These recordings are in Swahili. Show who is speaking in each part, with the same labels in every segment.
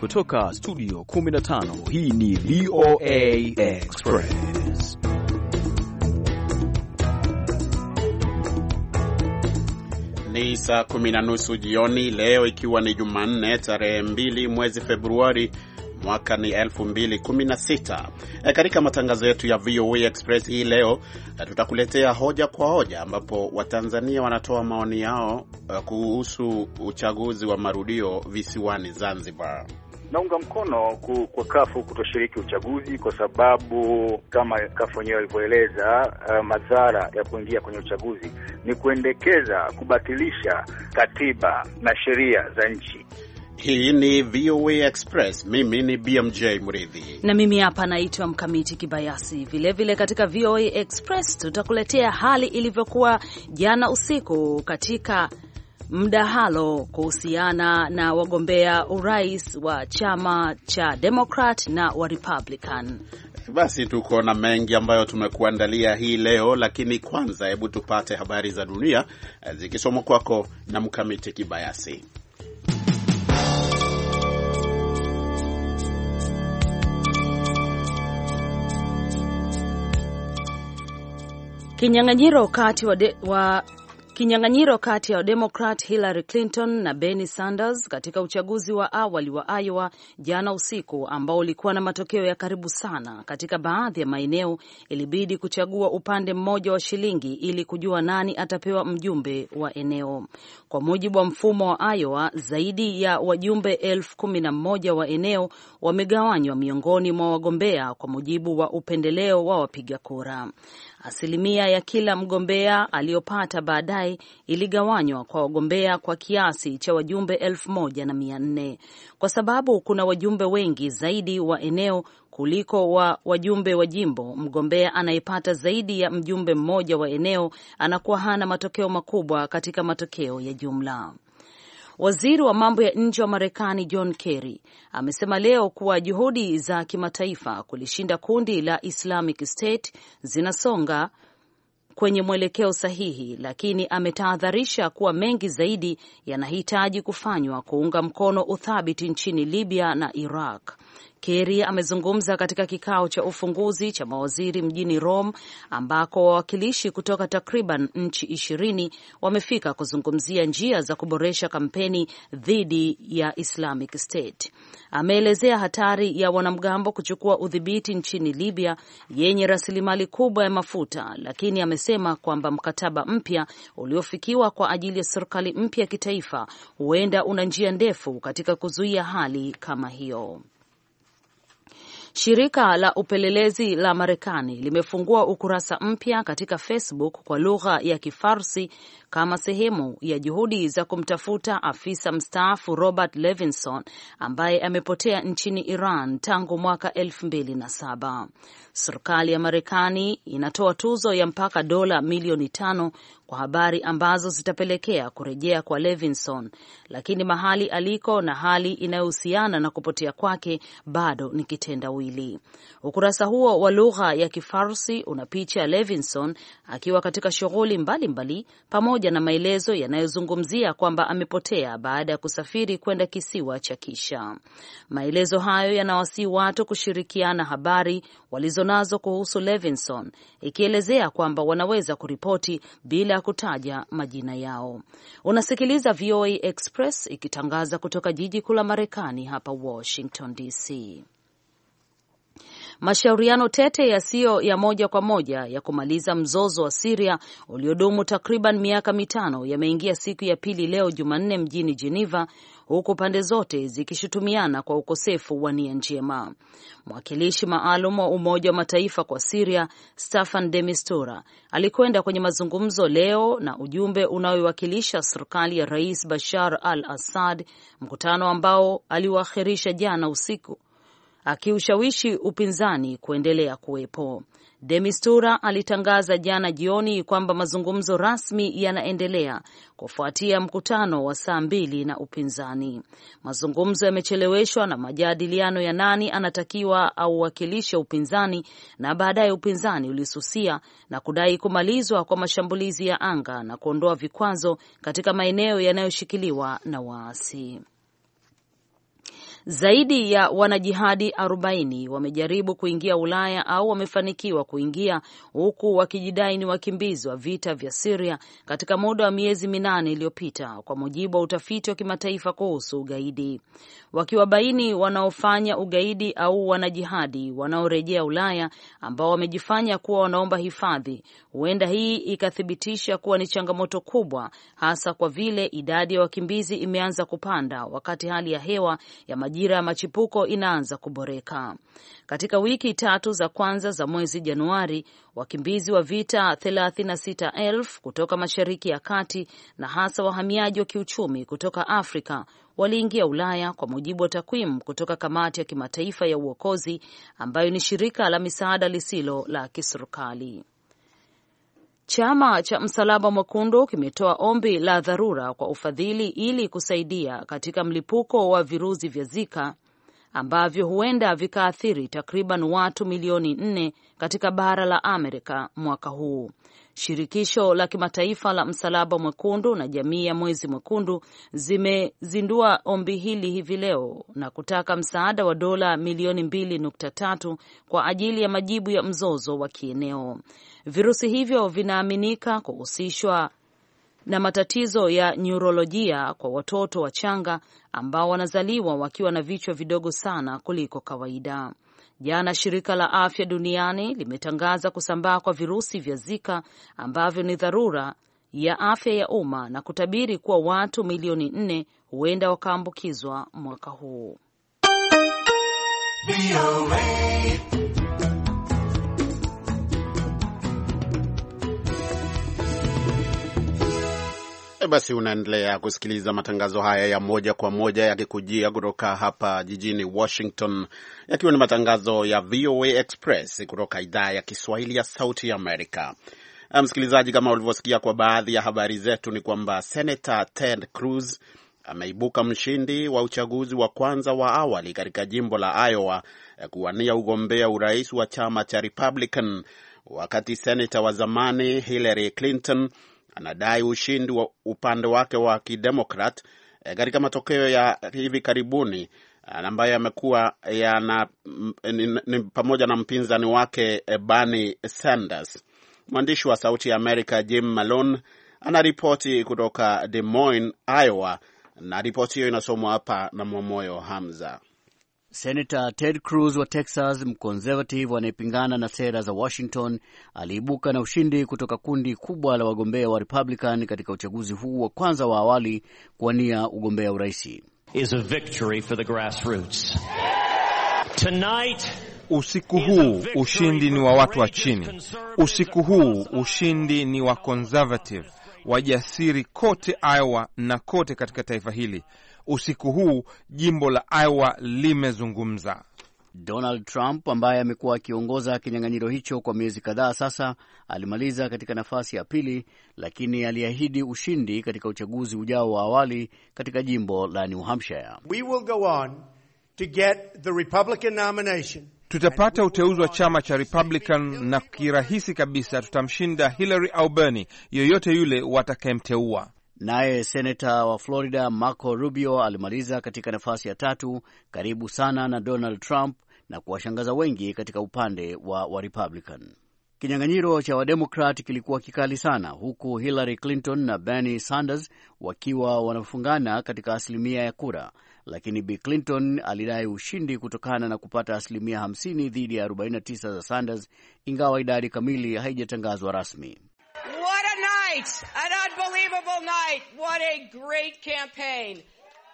Speaker 1: Kutoka studio 15 hii ni VOA Express. Ni saa kumi na nusu jioni leo, ikiwa ni Jumanne tarehe 2 mwezi Februari mwaka ni 2016. E, katika matangazo yetu ya VOA Express hii leo e, tutakuletea hoja kwa hoja, ambapo Watanzania wanatoa maoni yao e, kuhusu uchaguzi wa marudio visiwani Zanzibar.
Speaker 2: Naunga mkono kwa kafu kutoshiriki uchaguzi kwa sababu kama kafu wenyewe alivyoeleza, uh, madhara ya kuingia kwenye uchaguzi ni kuendekeza kubatilisha katiba na sheria za nchi.
Speaker 1: Hii ni VOA Express. Mimi ni BMJ Mridhi
Speaker 3: na mimi hapa naitwa Mkamiti Kibayasi. Vilevile vile katika VOA Express tutakuletea hali ilivyokuwa jana usiku katika mdahalo kuhusiana na wagombea urais wa chama cha Democrat na wa Republican.
Speaker 1: Basi tuko na mengi ambayo tumekuandalia hii leo, lakini kwanza, hebu tupate habari za dunia eh, zikisomwa kwako na Mkamiti Kibayasi.
Speaker 3: Kinyang'anyiro kati wa, de, wa Kinyang'anyiro kati ya Demokrat Hillary Clinton na Bernie Sanders katika uchaguzi wa awali wa Iowa jana usiku ambao ulikuwa na matokeo ya karibu sana, katika baadhi ya maeneo ilibidi kuchagua upande mmoja wa shilingi ili kujua nani atapewa mjumbe wa eneo. Kwa mujibu wa mfumo wa Iowa, zaidi ya wajumbe elfu kumi na mmoja wa eneo wamegawanywa miongoni mwa wagombea kwa mujibu wa upendeleo wa wapiga kura. Asilimia ya kila mgombea aliyopata baadaye iligawanywa kwa wagombea kwa kiasi cha wajumbe elfu moja na mia nne. Kwa sababu kuna wajumbe wengi zaidi wa eneo kuliko wa wajumbe wa jimbo, mgombea anayepata zaidi ya mjumbe mmoja wa eneo anakuwa hana matokeo makubwa katika matokeo ya jumla. Waziri wa mambo ya nje wa Marekani John Kerry amesema leo kuwa juhudi za kimataifa kulishinda kundi la Islamic State zinasonga kwenye mwelekeo sahihi, lakini ametahadharisha kuwa mengi zaidi yanahitaji kufanywa kuunga mkono uthabiti nchini Libya na Iraq. Kerry amezungumza katika kikao cha ufunguzi cha mawaziri mjini Rome ambako wawakilishi kutoka takriban nchi ishirini wamefika kuzungumzia njia za kuboresha kampeni dhidi ya Islamic State. Ameelezea hatari ya wanamgambo kuchukua udhibiti nchini Libya yenye rasilimali kubwa ya mafuta, lakini amesema kwamba mkataba mpya uliofikiwa kwa ajili ya serikali mpya ya kitaifa huenda una njia ndefu katika kuzuia hali kama hiyo. Shirika la upelelezi la Marekani limefungua ukurasa mpya katika Facebook kwa lugha ya Kifarsi kama sehemu ya juhudi za kumtafuta afisa mstaafu Robert Levinson ambaye amepotea nchini Iran tangu mwaka elfu mbili na saba. Serikali ya Marekani inatoa tuzo ya mpaka dola milioni tano kwa habari ambazo zitapelekea kurejea kwa Levinson, lakini mahali aliko na hali inayohusiana na kupotea kwake bado ni kitendawili. Ukurasa huo wa lugha ya Kifarsi una picha ya Levinson akiwa katika shughuli mbalimbali pamoja na maelezo yanayozungumzia kwamba amepotea baada ya kusafiri kwenda kisiwa cha Kisha. Maelezo hayo yanawasii watu kushirikiana habari walizo walizonazo kuhusu Levinson, ikielezea kwamba wanaweza kuripoti bila ya kutaja majina yao. Unasikiliza VOA Express ikitangaza kutoka jiji kuu la Marekani, hapa Washington DC. Mashauriano tete yasiyo ya moja kwa moja ya kumaliza mzozo wa Siria uliodumu takriban miaka mitano yameingia siku ya pili leo Jumanne mjini Geneva, huku pande zote zikishutumiana kwa ukosefu wa nia njema. Mwakilishi maalum wa Umoja wa Mataifa kwa Siria Staffan de Mistura alikwenda kwenye mazungumzo leo na ujumbe unaoiwakilisha serikali ya Rais Bashar al Assad, mkutano ambao aliuakhirisha jana usiku akiushawishi upinzani kuendelea kuwepo demistura alitangaza jana jioni kwamba mazungumzo rasmi yanaendelea kufuatia mkutano wa saa mbili na upinzani. Mazungumzo yamecheleweshwa na majadiliano ya nani anatakiwa auwakilishe upinzani, na baadaye upinzani ulisusia na kudai kumalizwa kwa mashambulizi ya anga na kuondoa vikwazo katika maeneo yanayoshikiliwa na waasi. Zaidi ya wanajihadi 40 wamejaribu kuingia Ulaya au wamefanikiwa kuingia, huku wakijidai ni wakimbizi wa vita vya Siria katika muda wa miezi minane iliyopita, kwa mujibu wa utafiti wa kimataifa kuhusu ugaidi, wakiwabaini wanaofanya ugaidi au wanajihadi wanaorejea Ulaya ambao wamejifanya kuwa wanaomba hifadhi. Huenda hii ikathibitisha kuwa ni changamoto kubwa, hasa kwa vile idadi ya wakimbizi imeanza kupanda wakati hali ya hewa ya majira ya machipuko inaanza kuboreka. Katika wiki tatu za kwanza za mwezi Januari, wakimbizi wa vita 36,000 kutoka Mashariki ya Kati na hasa wahamiaji wa kiuchumi kutoka Afrika waliingia Ulaya kwa mujibu wa takwimu kutoka Kamati ya Kimataifa ya Uokozi ambayo ni shirika la misaada lisilo la kiserikali. Chama cha Msalaba Mwekundu kimetoa ombi la dharura kwa ufadhili ili kusaidia katika mlipuko wa virusi vya Zika ambavyo huenda vikaathiri takriban watu milioni nne katika bara la Amerika mwaka huu. Shirikisho la kimataifa la Msalaba Mwekundu na jamii ya Mwezi Mwekundu zimezindua ombi hili hivi leo na kutaka msaada wa dola milioni mbili nukta tatu kwa ajili ya majibu ya mzozo wa kieneo. Virusi hivyo vinaaminika kuhusishwa na matatizo ya nyurolojia kwa watoto wachanga ambao wanazaliwa wakiwa na vichwa vidogo sana kuliko kawaida. Jana shirika la afya duniani limetangaza kusambaa kwa virusi vya Zika ambavyo ni dharura ya afya ya umma na kutabiri kuwa watu milioni nne huenda wakaambukizwa mwaka huu.
Speaker 1: Basi unaendelea kusikiliza matangazo haya ya moja kwa moja yakikujia kutoka hapa jijini Washington, yakiwa ni matangazo ya VOA Express kutoka idhaa ya Kiswahili ya Sauti Amerika. Ah, msikilizaji, kama ulivyosikia kwa baadhi ya habari zetu, ni kwamba Senata Ted Cruz ameibuka mshindi wa uchaguzi wa kwanza wa awali katika jimbo la Iowa eh, kuwania ugombea urais wa chama cha Republican, wakati senata wa zamani Hillary Clinton anadai ushindi wa upande wake wa kidemokrat eh, katika matokeo ya hivi karibuni eh, ambayo yamekuwa yana mm, pamoja na mpinzani wake eh, Bernie Sanders. Mwandishi wa Sauti ya Amerika Jim Malone anaripoti kutoka Des Moines, Iowa, na ripoti hiyo inasomwa hapa na Mwamoyo Hamza.
Speaker 4: Senata Ted Cruz wa Texas, mkonservative anayepingana na sera za Washington, aliibuka na ushindi kutoka kundi kubwa la wagombea wa Republican katika uchaguzi huu wa kwanza wa awali kuwania ugombea uraisi.
Speaker 1: Usiku huu ushindi ni wa watu wa chini. Usiku huu ushindi ni wa conservative wajasiri kote Iowa na kote katika taifa hili usiku huu jimbo la Iowa limezungumza. Donald Trump
Speaker 4: ambaye amekuwa akiongoza kinyang'anyiro hicho kwa miezi kadhaa sasa alimaliza katika nafasi ya pili, lakini aliahidi ushindi katika uchaguzi ujao wa awali katika jimbo
Speaker 1: la New Hampshire.
Speaker 4: We will go on to get the Republican nomination.
Speaker 1: Tutapata uteuzi wa chama cha Republican na kirahisi kabisa tutamshinda Hillary au Bernie, yoyote yule watakayemteua.
Speaker 4: Naye seneta wa Florida Marco Rubio alimaliza katika nafasi ya tatu, karibu sana na Donald Trump na kuwashangaza wengi katika upande wa Warepublican. Kinyang'anyiro cha Wademokrat kilikuwa kikali sana, huku Hillary Clinton na Bernie Sanders wakiwa wanafungana katika asilimia ya kura, lakini Bi Clinton alidai ushindi kutokana na kupata asilimia 50 dhidi ya 49 za Sanders, ingawa idadi kamili haijatangazwa rasmi
Speaker 5: night. An unbelievable night. What a great campaign.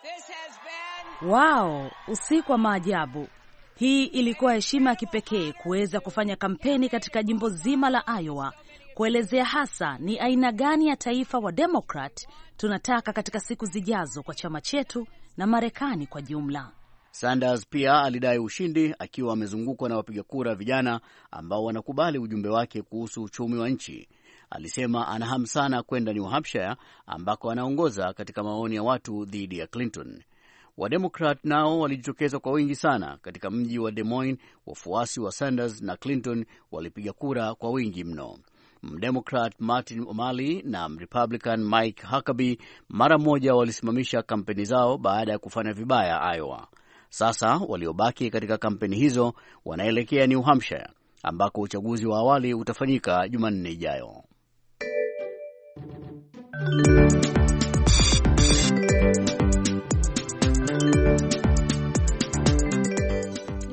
Speaker 5: This
Speaker 3: has been... Wow, usiku wa maajabu. Hii ilikuwa heshima ya kipekee kuweza kufanya kampeni katika jimbo zima la Iowa kuelezea hasa ni aina gani ya taifa wa Demokrat tunataka katika siku zijazo kwa chama chetu na Marekani kwa jumla.
Speaker 4: Sanders pia alidai ushindi akiwa amezungukwa na wapiga kura vijana ambao wanakubali ujumbe wake kuhusu uchumi wa nchi alisema ana sana kwenda New Hampshire ambako anaongoza katika maoni ya watu dhidi ya Clinton. Wademokrat nao walijitokeza kwa wingi sana katika mji wa Des Moines. Wafuasi wa Sanders na Clinton walipiga kura kwa wingi mno. Mdemokrat Martin O'Malley na Mrepublican Mike Huckabee mara moja walisimamisha kampeni zao baada ya kufanya vibaya Iowa. Sasa waliobaki katika kampeni hizo wanaelekea New Hampshire ambako uchaguzi wa awali utafanyika Jumanne ijayo.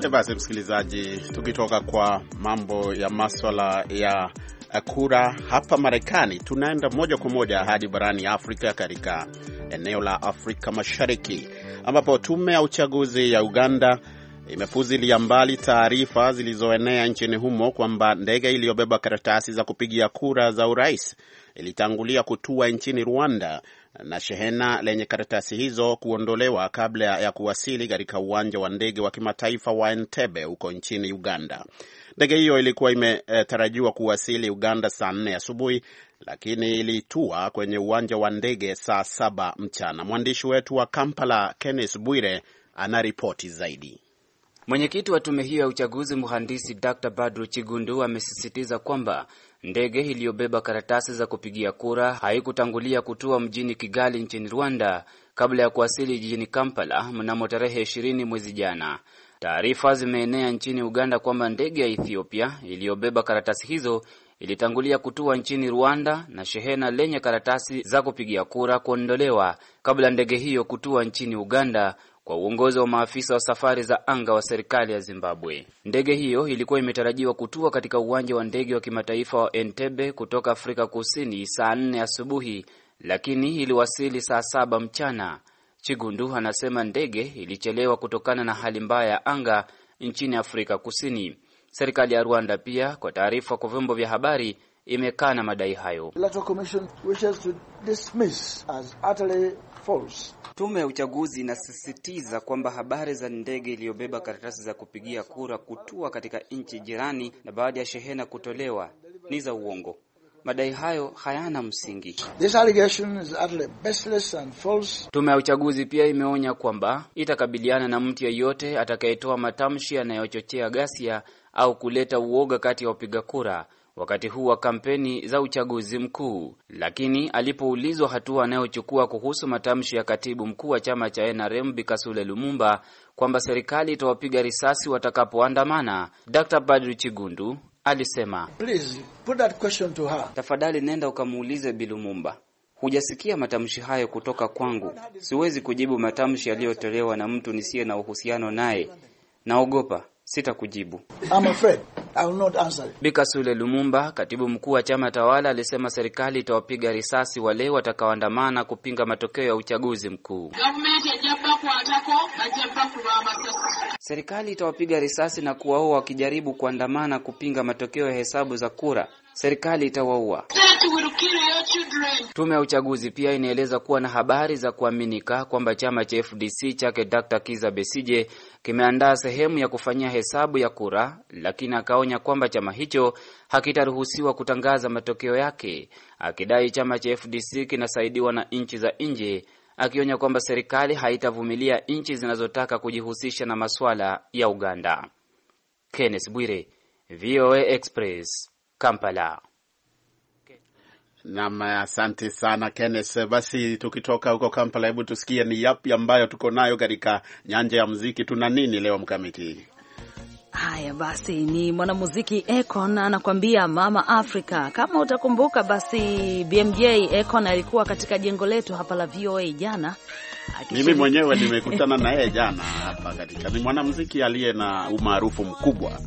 Speaker 1: E basi msikilizaji, tukitoka kwa mambo ya maswala ya kura hapa Marekani, tunaenda moja kwa moja hadi barani Afrika, katika eneo la Afrika Mashariki ambapo tume ya uchaguzi ya Uganda imepuzilia mbali taarifa zilizoenea nchini humo kwamba ndege iliyobeba karatasi za kupigia kura za urais ilitangulia kutua nchini Rwanda na shehena lenye karatasi hizo kuondolewa kabla ya kuwasili katika uwanja wa ndege wa kimataifa wa Entebbe huko nchini Uganda. Ndege hiyo ilikuwa imetarajiwa kuwasili Uganda saa nne asubuhi lakini ilitua kwenye uwanja wa ndege saa saba mchana. Mwandishi wetu wa Kampala Kenneth Bwire anaripoti zaidi. Mwenyekiti wa tume hiyo ya uchaguzi
Speaker 5: mhandisi Dr. Badru Chigundu amesisitiza kwamba Ndege iliyobeba karatasi za kupigia kura haikutangulia kutua mjini Kigali nchini Rwanda kabla ya kuwasili jijini Kampala mnamo tarehe 20 mwezi jana. Taarifa zimeenea nchini Uganda kwamba ndege ya Ethiopia iliyobeba karatasi hizo ilitangulia kutua nchini Rwanda na shehena lenye karatasi za kupigia kura kuondolewa kabla ndege hiyo kutua nchini Uganda kwa uongozi wa maafisa wa safari za anga wa serikali ya Zimbabwe. Ndege hiyo ilikuwa imetarajiwa kutua katika uwanja wa ndege wa kimataifa wa Entebbe kutoka Afrika Kusini saa nne asubuhi, lakini iliwasili saa saba mchana. Chigundu anasema ndege ilichelewa kutokana na hali mbaya ya anga nchini Afrika Kusini. Serikali ya Rwanda pia, kwa taarifa kwa vyombo vya habari, imekana madai hayo
Speaker 2: false. Tume ya
Speaker 5: uchaguzi inasisitiza kwamba habari za ndege iliyobeba karatasi za kupigia kura kutua katika nchi jirani na baadhi ya shehena kutolewa ni za uongo. Madai hayo hayana msingi. Tume ya uchaguzi pia imeonya kwamba itakabiliana na mtu yeyote atakayetoa matamshi yanayochochea ghasia au kuleta uoga kati ya wapiga kura wakati huu wa kampeni za uchaguzi mkuu, lakini alipoulizwa hatua anayochukua kuhusu matamshi ya katibu mkuu wa chama cha NRM Bikasule Lumumba kwamba serikali itawapiga risasi watakapoandamana, Dr. Badru Chigundu alisema, Please, put that question to her. Tafadhali nenda ukamuulize Bilumumba. Hujasikia matamshi hayo kutoka kwangu. Siwezi kujibu matamshi yaliyotolewa na mtu nisiye na uhusiano naye. Naogopa sitakujibu.
Speaker 1: I'm afraid I will not answer
Speaker 5: Bikasule Lumumba, katibu mkuu wa chama tawala, alisema serikali itawapiga risasi wale watakaoandamana kupinga matokeo ya uchaguzi mkuu. Serikali itawapiga risasi na kuwaua wakijaribu kuandamana kupinga matokeo ya hesabu za kura serikali itawaua. Tume ya uchaguzi pia inaeleza kuwa na habari za kuaminika kwamba chama cha FDC chake Dr. Kiza Besije kimeandaa sehemu ya kufanyia hesabu ya kura, lakini akaonya kwamba chama hicho hakitaruhusiwa kutangaza matokeo yake, akidai chama cha FDC kinasaidiwa na nchi za nje, akionya kwamba serikali haitavumilia nchi zinazotaka kujihusisha na masuala ya Uganda. Kenneth
Speaker 1: Bwire, VOA Express. Kampala. Nam, asante sana Kenneth. Basi tukitoka huko Kampala, hebu tusikie ni yapi ambayo tuko nayo katika nyanja ya muziki. Tuna nini leo mkamiti?
Speaker 3: Haya basi, ni mwanamuziki Akon anakuambia Mama Africa. Kama utakumbuka, basi BMJ Akon alikuwa katika jengo letu hapa la VOA jana.
Speaker 1: Mimi mwenyewe nimekutana na yeye jana hapa katika, ni mwanamuziki aliye na umaarufu mkubwa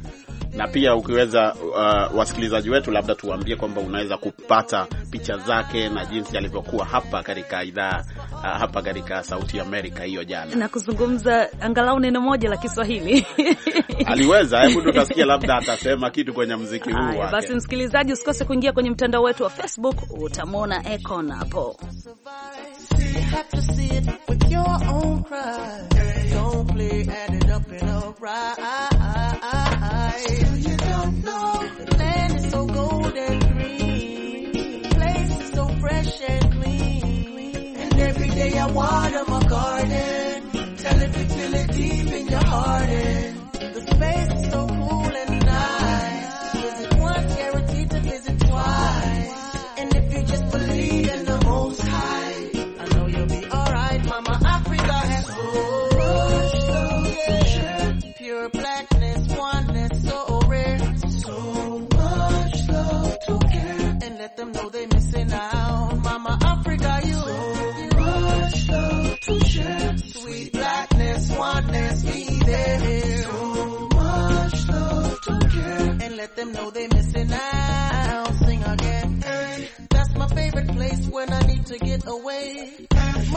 Speaker 1: na pia ukiweza, uh, wasikilizaji wetu, labda tuwaambie kwamba unaweza kupata picha zake na jinsi alivyokuwa hapa katika idhaa uh, hapa katika Sauti Amerika hiyo jana,
Speaker 3: na kuzungumza angalau neno moja la Kiswahili aliweza. Hebu tutasikia labda atasema
Speaker 1: kitu kwenye mziki huu wake. Basi
Speaker 3: msikilizaji, usikose kuingia kwenye mtandao wetu wa Facebook, utamwona Akon hapo. have to see
Speaker 6: it with your own pride. Don't play at it up and alright. Still you don't know the land is so gold and green. The place is so fresh and clean. And every day I water my garden. Tell it to till it deep in your heart. the space is so cool and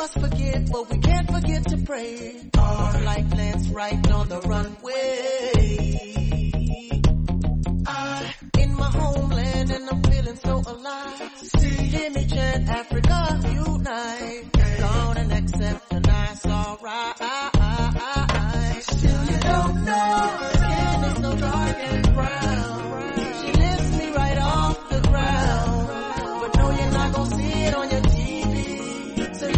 Speaker 6: must forget, but we can't forget to pray. Our life lands right on the runway. I, am in my homeland, and I'm feeling so alive. See, hear me chant, Africa, unite. going and accept the nice alright.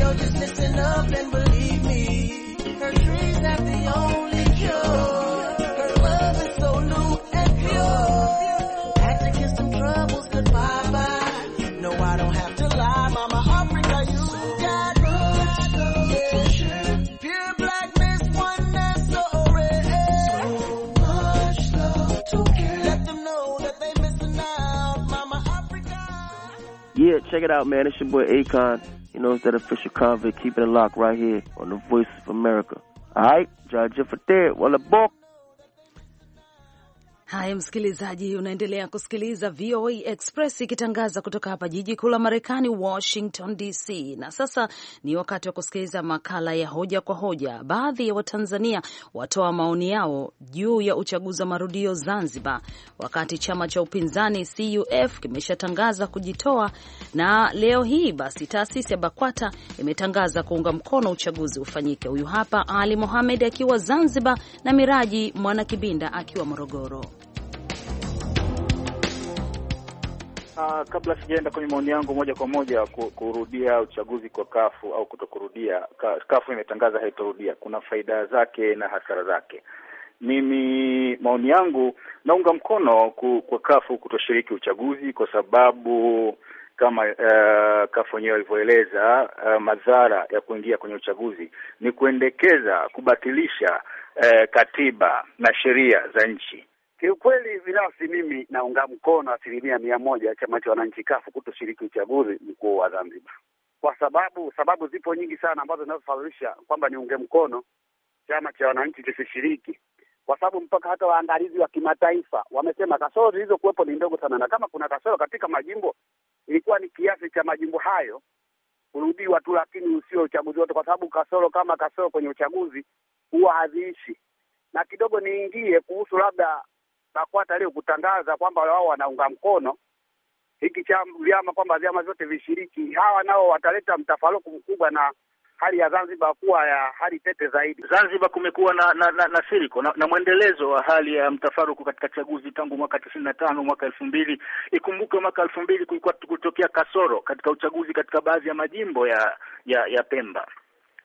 Speaker 6: girl, just listen up and believe me. Her dreams not the only cure. Her love is so new and pure. After kiss some troubles goodbye bye. No, I don't have to lie, Mama Africa, you got good. Yeah, sure. Pure black miss one that's so red. So much love to give. Let them know that they missing out, Mama Africa.
Speaker 2: Yeah, check it out, man. It's your boy Akon. You know, it's that official convict keeping it locked right here on the Voice of America. All right, Judge for there. Well, the book.
Speaker 3: Haya, msikilizaji, unaendelea kusikiliza VOA Express ikitangaza kutoka hapa jiji kuu la Marekani, Washington DC. Na sasa ni wakati wa kusikiliza makala ya hoja kwa hoja. Baadhi ya Watanzania watoa maoni yao juu ya uchaguzi wa marudio Zanzibar, wakati chama cha upinzani CUF kimeshatangaza kujitoa, na leo hii basi taasisi ya BAKWATA imetangaza kuunga mkono uchaguzi ufanyike. Huyu hapa Ali Mohamed akiwa Zanzibar na Miraji Mwanakibinda akiwa Morogoro.
Speaker 2: Uh, kabla sijaenda kwenye maoni yangu moja kwa moja kurudia uchaguzi kwa kafu au kutokurudia kafu imetangaza haitorudia. Kuna faida zake na hasara zake. Mimi maoni yangu naunga mkono ku, kwa kafu kutoshiriki uchaguzi kwa sababu kama uh, kafu wenyewe walivyoeleza uh, madhara ya kuingia kwenye uchaguzi ni kuendekeza kubatilisha uh, katiba na sheria za nchi Kiukweli binafsi mimi naunga mkono asilimia mia moja chama cha wananchi kafu kutoshiriki uchaguzi mkuu wa Zanzibar, kwa sababu sababu zipo nyingi sana ambazo zinazosababisha kwamba niunge mkono chama cha wananchi kisishiriki, kwa sababu mpaka hata waangalizi wa kimataifa wamesema kasoro zilizokuwepo ni ndogo sana, na kama kuna kasoro katika majimbo ilikuwa ni kiasi cha majimbo hayo kurudiwa tu, lakini usio uchaguzi wote, kwa sababu kasoro kama kasoro kwenye uchaguzi huwa haziishi. Na kidogo niingie kuhusu labda BAKWATA leo kutangaza kwamba wao wanaunga mkono hiki cha vyama kwamba vyama vyote vishiriki. Hawa nao wataleta mtafaruku mkubwa na hali ya Zanzibar kuwa ya hali tete zaidi. Zanzibar kumekuwa na na, na, na siriko na, na mwendelezo wa hali ya mtafaruku katika chaguzi tangu mwaka tisini na tano mwaka elfu mbili. Ikumbuke mwaka elfu mbili kulikuwa kutokea kasoro katika uchaguzi katika baadhi ya majimbo ya ya, ya Pemba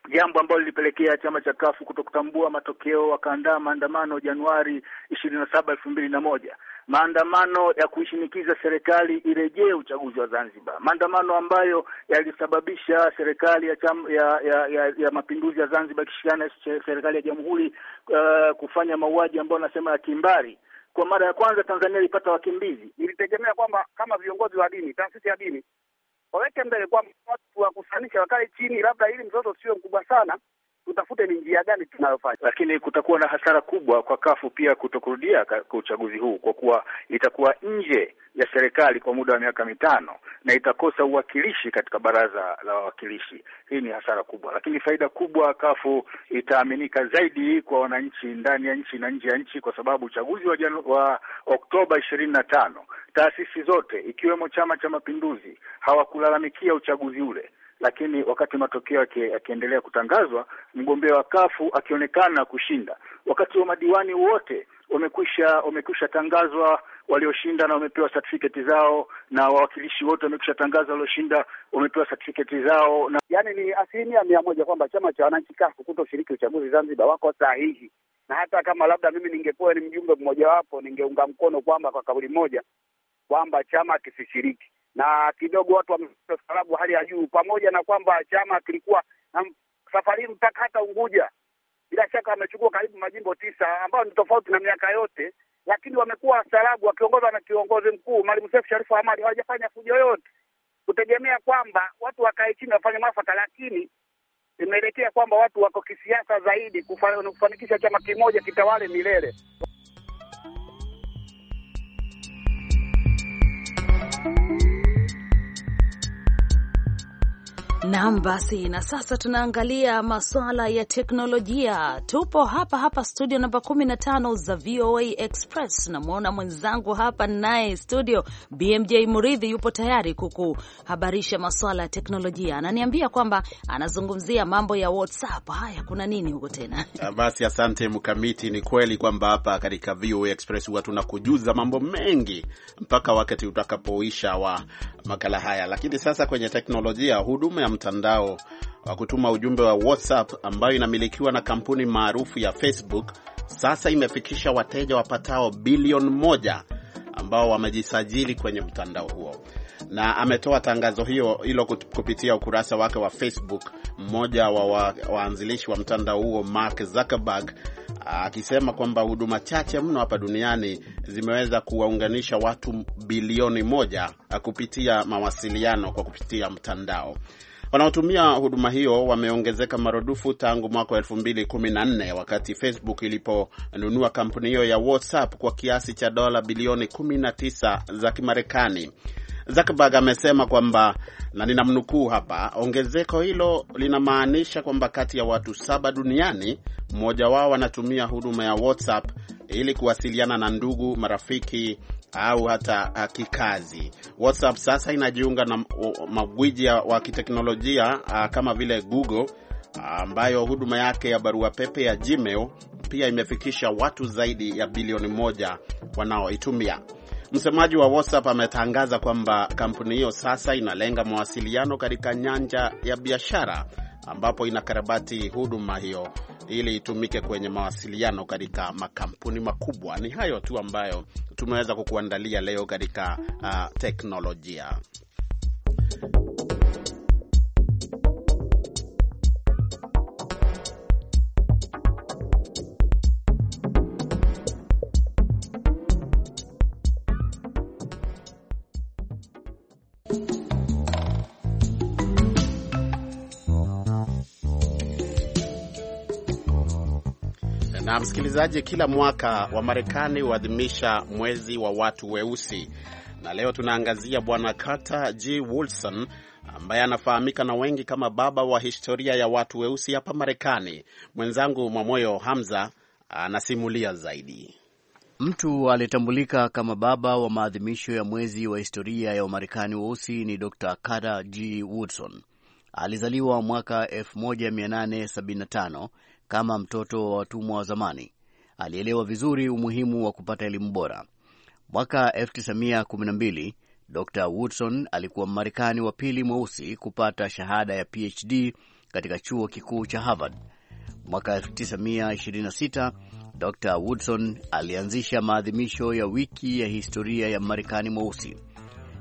Speaker 2: jambo ambalo lilipelekea chama cha kafu kutokutambua matokeo, wakaandaa maandamano Januari ishirini na saba elfu mbili na moja maandamano ya kuishinikiza serikali irejee uchaguzi wa Zanzibar, maandamano ambayo yalisababisha serikali ya, cham, ya, ya, ya, ya mapinduzi ya Zanzibar ikishirikiana serikali ya jamhuri uh, kufanya mauaji ambayo nasema ya kimbari. Kwa mara ya kwanza Tanzania ilipata wakimbizi. Ilitegemea kwamba kama viongozi wa dini, taasisi ya dini waweke mbele kwamba watu wakusanyike wakae chini, labda ili mzozo sio mkubwa sana, tutafute ni njia gani tunayofanya, lakini kutakuwa na hasara kubwa kwa kafu pia kutokurudia kwa uchaguzi huu, kwa kuwa itakuwa nje ya serikali kwa muda wa miaka mitano na itakosa uwakilishi katika baraza la wawakilishi. Hii ni hasara kubwa, lakini faida kubwa, kafu itaaminika zaidi kwa wananchi ndani ya nchi na nje ya nchi, kwa sababu uchaguzi wa, wa Oktoba ishirini na tano taasisi zote ikiwemo Chama cha Mapinduzi hawakulalamikia uchaguzi ule lakini wakati matokeo yakiendelea kutangazwa, mgombea wa kafu akionekana kushinda, wakati wa madiwani wote wamekwisha wamekwisha tangazwa walioshinda na wamepewa certificate zao, na wawakilishi wote wamekwisha tangaza walioshinda wamepewa certificate zao na... yani ni asilimia mia moja kwamba chama cha wananchi kafu kutoshiriki uchaguzi Zanzibar wako sahihi, na hata kama labda mimi ningekuwa ni mjumbe mmojawapo, ningeunga mkono kwamba kwa kauli moja kwamba chama kisishiriki na kidogo watu wamepata hali ya juu, pamoja na kwamba chama kilikuwa na safari mpaka hata Unguja. Bila shaka amechukua karibu majimbo tisa ambayo ni tofauti na miaka yote, lakini wamekuwa wastaarabu, wakiongozwa na kiongozi mkuu Mwalimu Seif Sharif Hamad. Hawajafanya fujo yoyote, kutegemea kwamba watu wakae chini wafanye mwafaka, lakini imeelekea kwamba watu wako kisiasa zaidi, kufanikisha chama kimoja kitawale milele.
Speaker 3: Naam, basi na sasa tunaangalia masuala ya teknolojia. Tupo hapa hapa studio namba 15 za VOA Express. Namwona mwenzangu hapa naye studio BMJ Muridhi yupo tayari kukuhabarisha masuala ya teknolojia. Ananiambia kwamba anazungumzia mambo ya WhatsApp. Haya, kuna nini huko tena?
Speaker 1: Ah, basi asante Mkamiti, ni kweli kwamba hapa katika VOA Express huwa tunakujuza mambo mengi mpaka wakati utakapoisha wa makala haya, lakini sasa kwenye teknolojia huduma mtandao wa kutuma ujumbe wa WhatsApp ambayo inamilikiwa na kampuni maarufu ya Facebook sasa imefikisha wateja wapatao bilioni moja ambao wamejisajili kwenye mtandao huo, na ametoa tangazo hiyo hilo kupitia ukurasa wake wa Facebook. Mmoja wa waanzilishi wa, wa mtandao huo Mark Zuckerberg akisema kwamba huduma chache mno hapa duniani zimeweza kuwaunganisha watu bilioni moja kupitia mawasiliano kwa kupitia mtandao. Wanaotumia huduma hiyo wameongezeka marudufu tangu mwaka wa elfu mbili kumi na nne wakati Facebook iliponunua kampuni hiyo ya WhatsApp kwa kiasi cha dola bilioni 19 za Kimarekani. Zuckerberg amesema kwamba na ninamnukuu hapa, ongezeko hilo linamaanisha kwamba kati ya watu saba duniani mmoja wao anatumia huduma ya WhatsApp ili kuwasiliana na ndugu, marafiki au hata kikazi. WhatsApp sasa inajiunga na magwiji wa kiteknolojia ah, kama vile Google ah, ambayo huduma yake ya barua pepe ya Gmail pia imefikisha watu zaidi ya bilioni moja wanaoitumia. Msemaji wa WhatsApp ametangaza kwamba kampuni hiyo sasa inalenga mawasiliano katika nyanja ya biashara ambapo inakarabati huduma hiyo ili itumike kwenye mawasiliano katika makampuni makubwa. Ni hayo tu ambayo tumeweza kukuandalia leo katika uh, teknolojia Na msikilizaji, kila mwaka wa marekani huadhimisha mwezi wa watu weusi, na leo tunaangazia Bwana Carter G. Woodson ambaye anafahamika na wengi kama baba wa historia ya watu weusi hapa Marekani. Mwenzangu Mwamoyo Hamza anasimulia zaidi.
Speaker 4: Mtu aliyetambulika kama baba wa maadhimisho ya mwezi wa historia ya Wamarekani weusi ni Dr. Carter G. Woodson. Alizaliwa mwaka 1875 kama mtoto wa watumwa wa zamani. Alielewa vizuri umuhimu wa kupata elimu bora. Mwaka 1912 Dr Woodson alikuwa Mmarekani wa pili mweusi kupata shahada ya PhD katika chuo kikuu cha Harvard. Mwaka 1926 Dr Woodson alianzisha maadhimisho ya wiki ya historia ya Mmarekani mweusi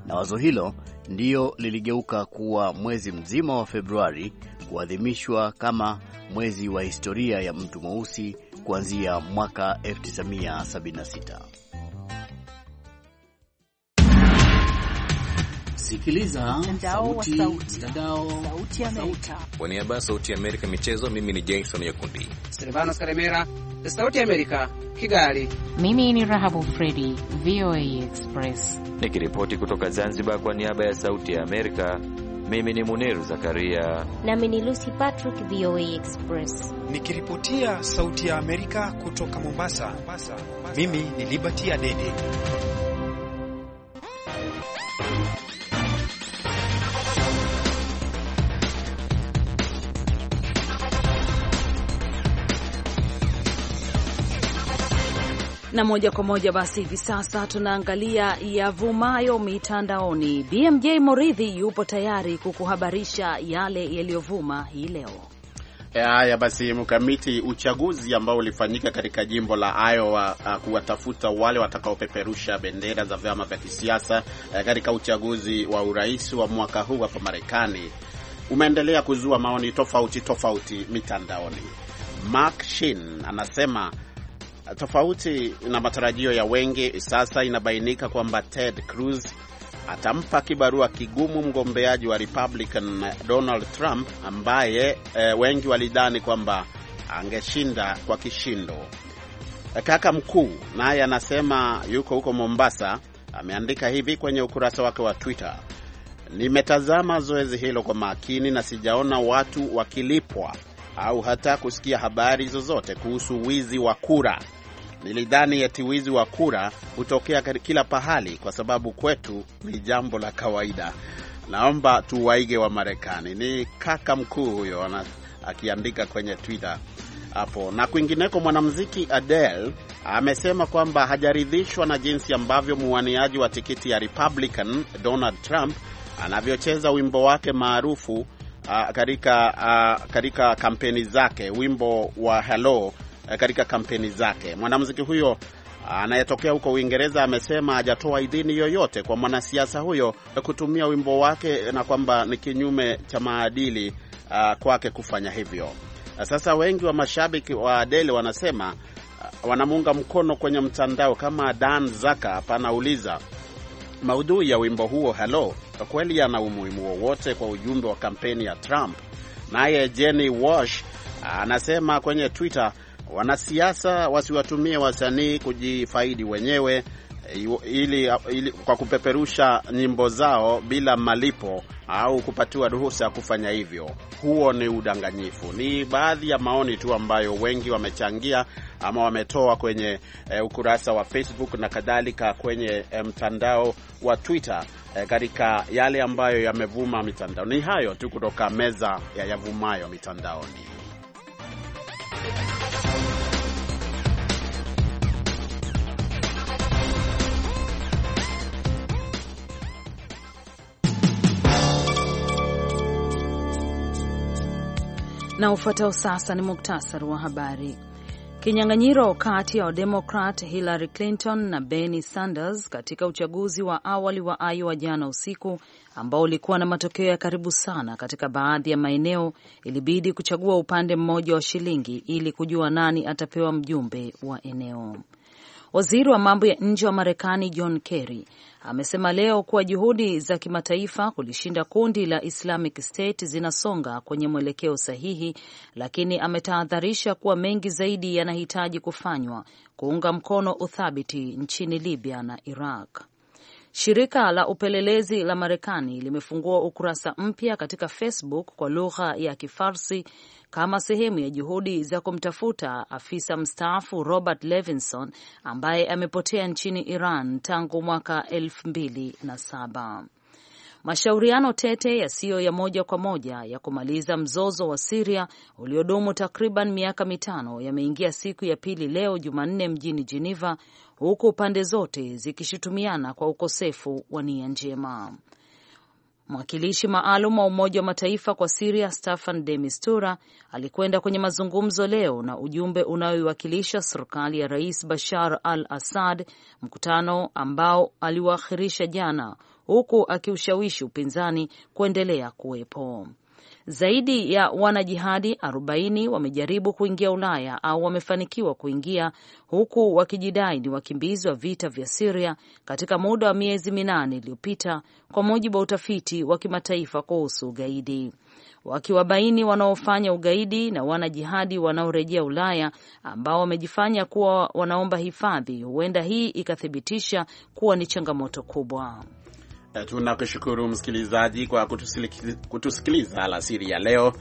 Speaker 4: na wazo hilo ndiyo liligeuka kuwa mwezi mzima wa Februari kuadhimishwa kama mwezi wa historia ya mtu mweusi kuanzia mwaka 1976. Sikiliza mtandao wa sauti, sauti ya Amerika.
Speaker 1: Kwa niaba ya sauti ya Amerika michezo, mimi ni Jason Yakundi.
Speaker 5: Silvano Karemera, sauti ya Amerika, Kigali.
Speaker 3: Mimi ni Rahabu Fredi, VOA Express.
Speaker 5: Nikiripoti kutoka Zanzibar kwa niaba ya sauti ya Amerika. Mimi ni Muniru Zakaria.
Speaker 3: Nami ni Lucy Patrick, VOA Express.
Speaker 1: Nikiripotia sauti ya Amerika kutoka Mombasa, Mombasa, Mombasa. Mimi ni Liberty Adede.
Speaker 3: na moja kwa moja basi, hivi sasa tunaangalia yavumayo mitandaoni. BMJ Moridhi yupo tayari kukuhabarisha yale yaliyovuma hii leo.
Speaker 1: Haya basi, mkamiti, uchaguzi ambao ulifanyika katika jimbo la Iowa uh, kuwatafuta wale watakaopeperusha bendera za vyama vya kisiasa uh, katika uchaguzi wa urais wa mwaka huu hapa Marekani umeendelea kuzua maoni tofauti tofauti mitandaoni. Mark Shin anasema tofauti na matarajio ya wengi, sasa inabainika kwamba Ted Cruz atampa kibarua kigumu mgombeaji wa Republican Donald Trump ambaye e, wengi walidhani kwamba angeshinda kwa kishindo. Kaka mkuu naye anasema yuko huko Mombasa, ameandika hivi kwenye ukurasa wake wa Twitter: nimetazama zoezi hilo kwa makini na sijaona watu wakilipwa au hata kusikia habari zozote kuhusu wizi wa kura. Nilidhani eti wizi wa kura hutokea kila pahali, kwa sababu kwetu ni jambo la kawaida. Naomba tuwaige wa Marekani. Ni kaka mkuu huyo akiandika kwenye Twitter hapo na kwingineko. Mwanamuziki Adele amesema kwamba hajaridhishwa na jinsi ambavyo muwaniaji wa tikiti ya Republican Donald Trump anavyocheza wimbo wake maarufu ah, ah, katika kampeni zake, wimbo wa Hello Eh, katika kampeni zake. Mwanamuziki huyo ah, anayetokea huko Uingereza amesema hajatoa idhini yoyote kwa mwanasiasa huyo kutumia wimbo wake na kwamba ni kinyume cha maadili uh, kwake kufanya hivyo. Ah, sasa wengi wa mashabiki wa Adele wanasema uh, wanamuunga mkono kwenye mtandao kama Dan Zaka hapa anauliza maudhui ya wimbo huo Hello kweli yana umuhimu wowote kwa ujumbe wa kampeni ya Trump? Naye Jenny Wash anasema kwenye Twitter wanasiasa wasiwatumie wasanii kujifaidi wenyewe eh, ili, ili kwa kupeperusha nyimbo zao bila malipo au kupatiwa ruhusa ya kufanya hivyo. Huo ni udanganyifu. Ni baadhi ya maoni tu ambayo wengi wamechangia ama wametoa kwenye e, ukurasa wa Facebook na kadhalika kwenye e, mtandao wa Twitter e, katika yale ambayo yamevuma mitandao. Ni hayo tu kutoka meza ya yavumayo mitandaoni.
Speaker 3: Na ufuatao sasa ni muktasari wa habari. Kinyang'anyiro kati ya Wademokrat Hillary Clinton na Bernie Sanders katika uchaguzi wa awali wa Iowa jana usiku ambao ulikuwa na matokeo ya karibu sana katika baadhi ya maeneo, ilibidi kuchagua upande mmoja wa shilingi ili kujua nani atapewa mjumbe wa eneo. Waziri wa mambo ya nje wa Marekani John Kerry amesema leo kuwa juhudi za kimataifa kulishinda kundi la Islamic State zinasonga kwenye mwelekeo sahihi, lakini ametahadharisha kuwa mengi zaidi yanahitaji kufanywa kuunga mkono uthabiti nchini Libya na Iraq. Shirika la upelelezi la Marekani limefungua ukurasa mpya katika Facebook kwa lugha ya Kifarsi kama sehemu ya juhudi za kumtafuta afisa mstaafu Robert Levinson ambaye amepotea nchini Iran tangu mwaka elfu mbili na saba. Mashauriano tete yasiyo ya moja kwa moja ya kumaliza mzozo wa Siria uliodumu takriban miaka mitano yameingia siku ya pili leo Jumanne mjini Geneva, huku pande zote zikishutumiana kwa ukosefu wa nia njema. Mwakilishi maalum wa Umoja wa Mataifa kwa Siria Staffan de Mistura alikwenda kwenye mazungumzo leo na ujumbe unaoiwakilisha serikali ya Rais Bashar al Assad, mkutano ambao aliuakhirisha jana, huku akiushawishi upinzani kuendelea kuwepo. Zaidi ya wanajihadi 40 wamejaribu kuingia Ulaya au wamefanikiwa kuingia, huku wakijidai ni wakimbizi wa vita vya Siria katika muda wa miezi minane iliyopita, kwa mujibu wa utafiti wa kimataifa kuhusu ugaidi wakiwabaini wanaofanya ugaidi na wanajihadi wanaorejea Ulaya ambao wamejifanya kuwa wanaomba hifadhi. Huenda hii ikathibitisha kuwa ni changamoto kubwa.
Speaker 1: Tunakushukuru msikilizaji kwa kutusikiliza alasiri ya leo.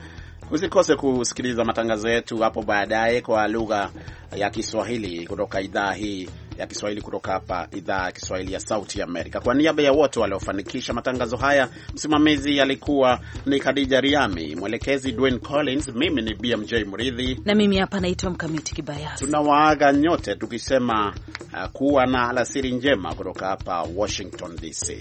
Speaker 1: Usikose kusikiliza matangazo yetu hapo baadaye kwa lugha ya Kiswahili kutoka idhaa hii ya Kiswahili kutoka hapa idhaa ya Kiswahili ya Sauti ya Amerika. Kwa niaba ya wote waliofanikisha matangazo haya, msimamizi alikuwa ni Khadija Riami, mwelekezi Dwayne Collins, mimi ni BMJ Mridhi
Speaker 3: na mimi hapa naitwa Mkamiti Kibayasi.
Speaker 1: Tunawaaga nyote tukisema uh, kuwa na alasiri njema kutoka hapa Washington DC.